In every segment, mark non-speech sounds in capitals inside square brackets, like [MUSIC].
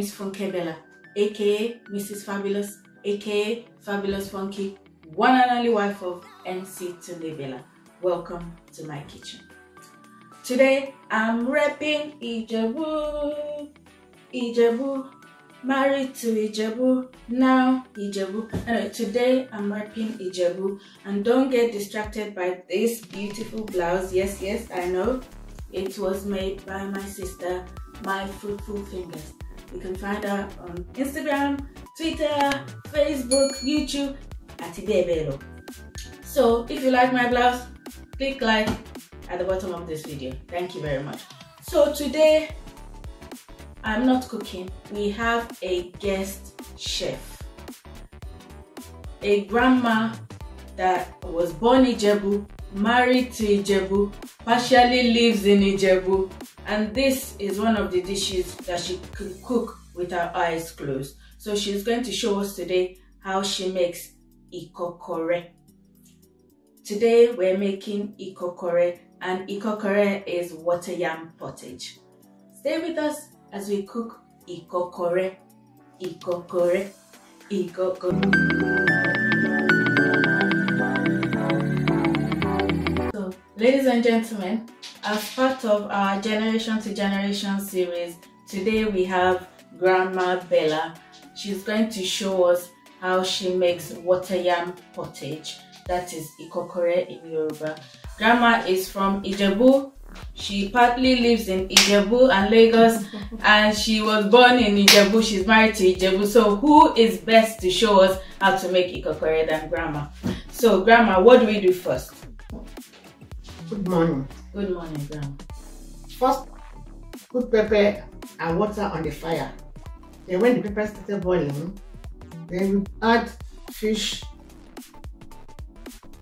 is Bella, aka Mrs. Fabulous, aka Fabulous Funky, one and only wife of MC Tunde Welcome to my kitchen. Today I'm rapping Ijebu, Ijebu, married to Ijebu, now Ijebu. Anyway, today I'm rapping Ijebu and don't get distracted by this beautiful blouse. Yes, yes, I know. It was made by my sister, my fruitful fingers. You can find her on Instagram, Twitter, Facebook, YouTube at Idebelo. So if you like my blouse, click like at the bottom of this video. Thank you very much. So today I'm not cooking. We have a guest chef, a grandma that was born in Jebu, married to Ijebu, partially lives in Ijebu, and this is one of the dishes that she could cook with her eyes closed. So she's going to show us today how she makes ikokore. Today we're making ikokore and ikokore is water yam pottage. Stay with us as we cook ikokore, ikokore, ikokore. So ladies and gentlemen, as part of our Generation to Generation series, today we have Grandma Bella. She's going to show us how she makes water yam pottage, that is ikokore in Yoruba. Grandma is from Ijebu. She partly lives in Ijebu and Lagos, [LAUGHS] and she was born in Ijebu. She's married to Ijebu. So, who is best to show us how to make ikokore than Grandma? So, Grandma, what do we do first? Good morning. Good morning, Grandma. First, put pepper and water on the fire. Then when the pepper started boiling, then we add fish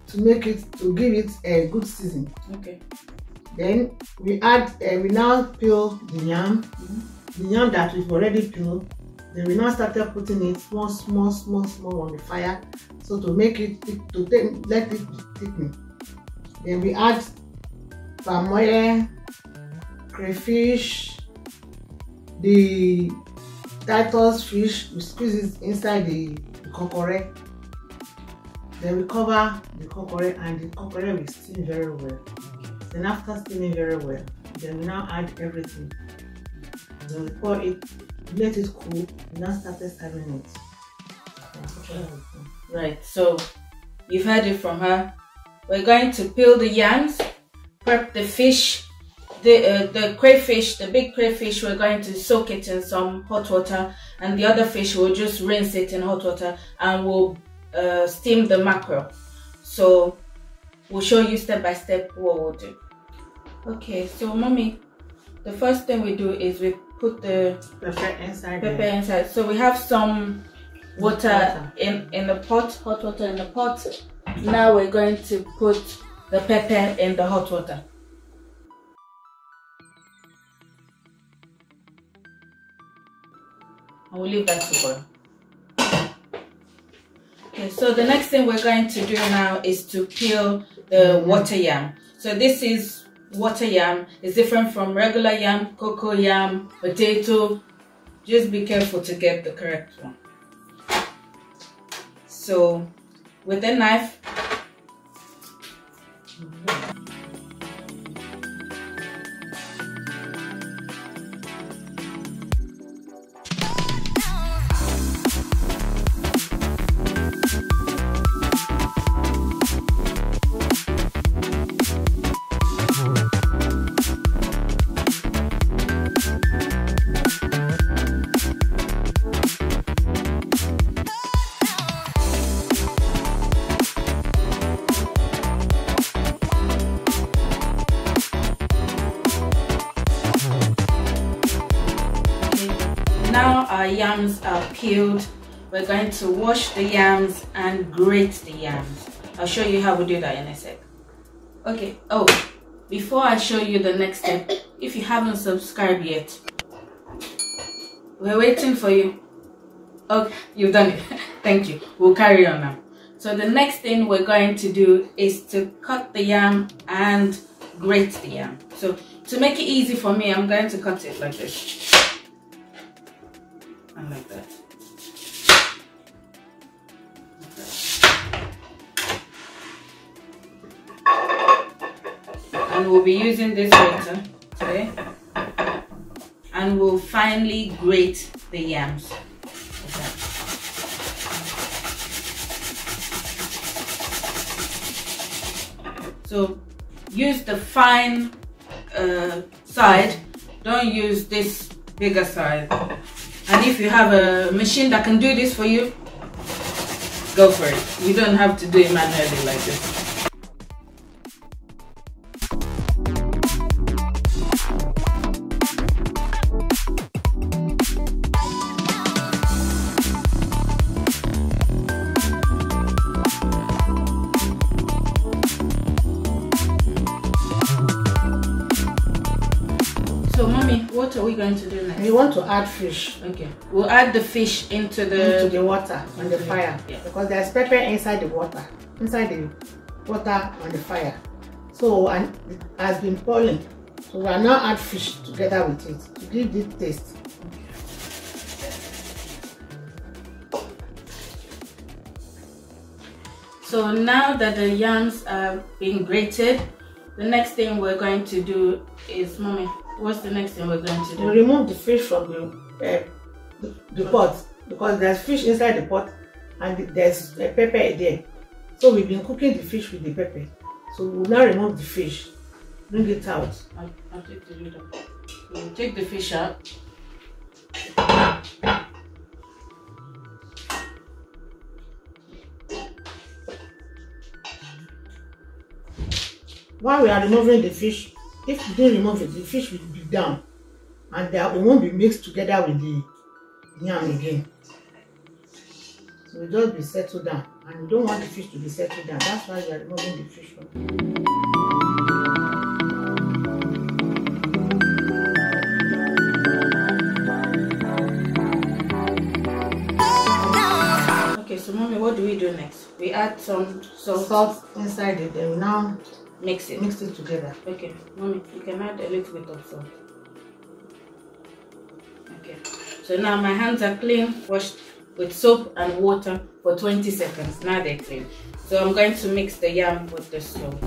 to make it to give it a good season. Okay. Then we add uh, we now peel the yam, mm -hmm. the yam that we've already peeled. Then we now started putting it small, small, small, small on the fire, so to make it to let it thicken. Then we add Samoye, crayfish, the Titus fish, we squeeze it inside the, the kokore. Then we cover the kokore and the kokore will steam very well. Then after steaming very well, then we now add everything. Then we pour it, let it cool, we now start serving it. Right, so you've heard it from her. We're going to peel the yams prep the fish the uh, the crayfish the big crayfish we're going to soak it in some hot water and the other fish we'll just rinse it in hot water and we'll uh, steam the mackerel so we'll show you step by step what we'll do okay so mommy the first thing we do is we put the pepper inside pepper there. inside so we have some water, water in in the pot hot water in the pot now we're going to put the pepper and the hot water. I will leave that to boil. Okay, so the next thing we're going to do now is to peel the water yam. So this is water yam. It's different from regular yam, cocoa yam, potato. Just be careful to get the correct one. So with a knife, yams are peeled we're going to wash the yams and grate the yams i'll show you how we do that in a sec okay oh before i show you the next step if you haven't subscribed yet we're waiting for you okay oh, you've done it [LAUGHS] thank you we'll carry on now so the next thing we're going to do is to cut the yam and grate the yam so to make it easy for me i'm going to cut it like this and like that. And we'll be using this grater today. And we'll finally grate the yams. So use the fine uh, side, don't use this bigger side and if you have a machine that can do this for you go for it you don't have to do it manually like this So, mommy, what are we going to do? you want to add fish. Okay. We'll add the fish into the into the water on the fire. Yeah. Because there's pepper inside the water. Inside the water on the fire. So and it has been boiling. So we'll now add fish together with it to give this taste. So now that the yams are being grated, the next thing we're going to do is, mommy, What's the next thing we're going to do? We remove the fish from the, uh, the pot because there's fish inside the pot and there's uh, pepper there. So we've been cooking the fish with the pepper. So we'll now remove the fish. Bring it out. I'll, I'll take the lid off. We'll take the fish out. While we are removing the fish, if you don't remove it the fish will be down and that it won't be mixed together with the yam again so it just be settled down and you don't want the fish to be settled down that's why you are removing the fish from Okay, so mommy, what do we do next? We add some, some salt inside it. Then now mix it. Mix it together. Okay, mommy, you can add a little bit of salt. Okay, so now my hands are clean, washed with soap and water for 20 seconds. Now they're clean. So I'm going to mix the yam with the salt.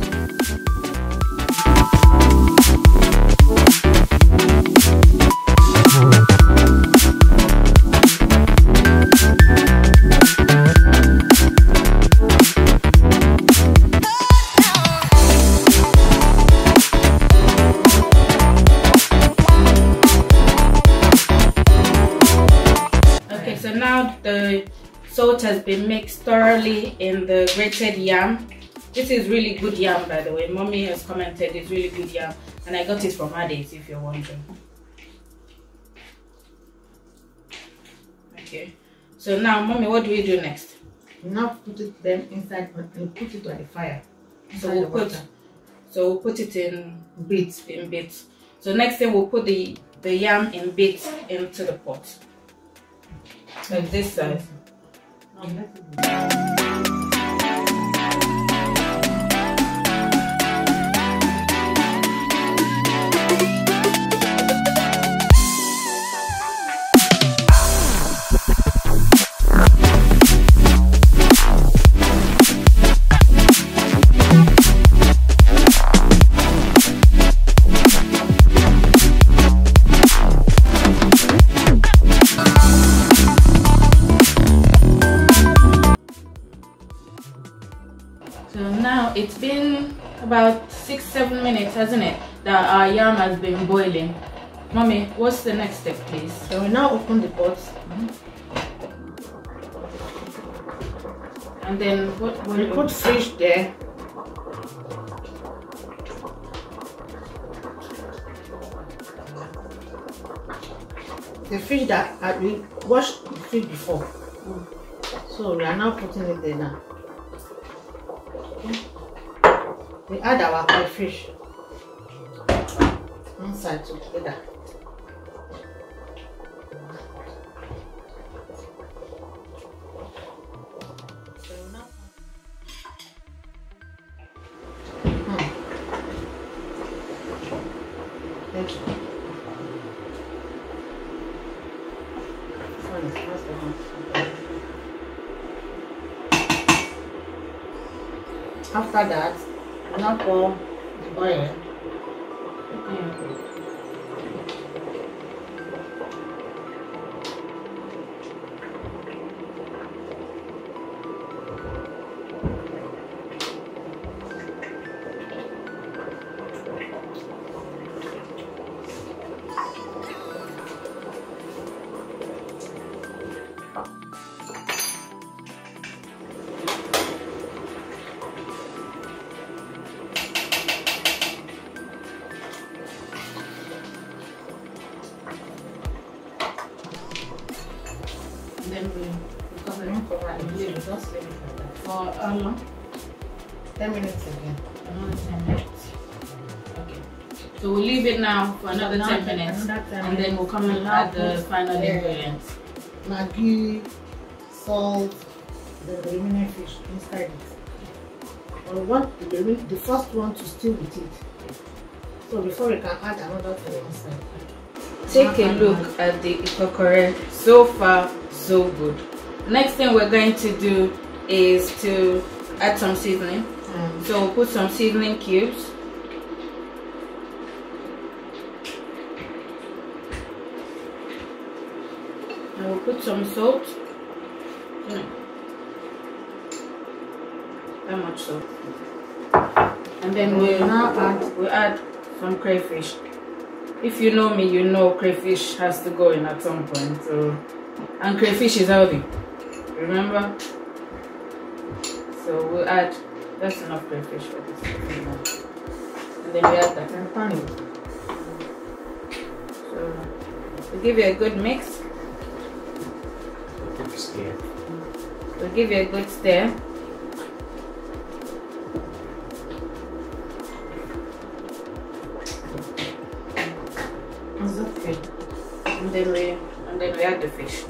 now the salt has been mixed thoroughly in the grated yam. This is really good yam, by the way. Mommy has commented it's really good yam. And I got it from Hades, if you're wondering. Okay. So now, Mommy, what do we do next? Now put it them inside and uh, put it on the fire. So we'll put water. so we'll put it in bits. In bits. So next thing we'll put the, the yam in bits into the pot. Like this size. it's been about six seven minutes hasn't it that our yam has been boiling mommy what's the next step please so we now open the pot mm -hmm. and then what, what we put fish there the fish that uh, we washed the fish before so we are now putting it there now we add our crayfish. fish inside together. Hmm. After that, Ana Paula. Olha. then we recover it for right here. Just leave that. for um, 10 minutes again. Another 10 minutes. Okay. So we'll leave it now for another so 10 minutes. Another 10 and then we'll come and add the final yeah. ingredients. Maggi, salt, the remaining fish inside it. I want the, the first one to stew with it. So before we can add another thing inside. Take a look at the ikokore. So far, so good next thing we're going to do is to add some seasoning mm. so we'll put some seasoning cubes and we'll put some salt no. Mm. that much salt and then we'll now add we'll add some crayfish if you know me you know crayfish has to go in at some point so and crayfish is healthy. Remember? So we'll add, that's enough crayfish for this. And then we add the campani. So we'll give you a good mix. We'll give you a good stir. It's okay. And then we and then we add the fish.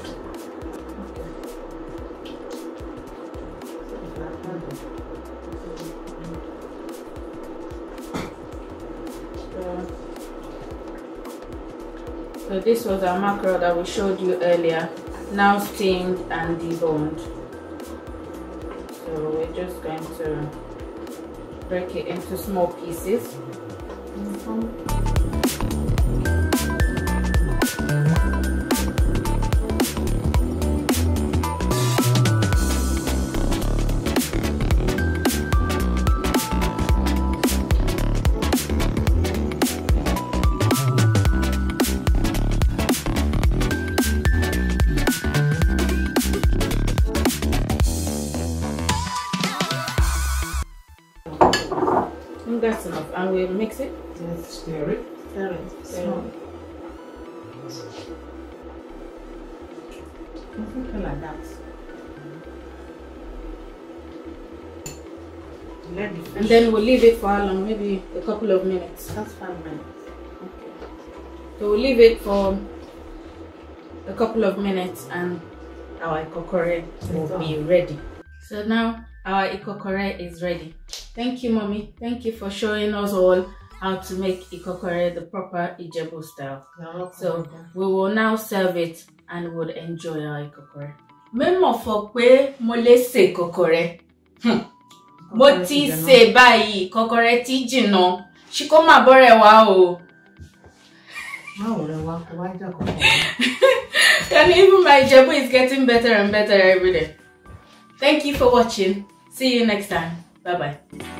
So this was our mackerel that we showed you earlier, now steamed and deboned. So we're just going to break it into small pieces. Mm -hmm. that's enough. And we'll mix it. Let's stir it. Stir it. Stir it. Something like that. And then we'll leave it for how long? Maybe a couple of minutes. That's five minutes. Okay. So we'll leave it for a couple of minutes and our kokore will be ready. So now our ikokore is ready. Thank you, mommy. Thank you for showing us all how to make ikokore the proper Ijebu style. so we will now serve it and we'll enjoy our ikokore. Memo for pe mo le se ikokore. Hmm. Mo ti ṣe bayi ikokore ti jìnnà. Ṣìkọ́ máa bọ́rẹ̀ wá o. kó And even my Ijebu is getting better and better every day. Thank you for watching. See you next time. Bye bye.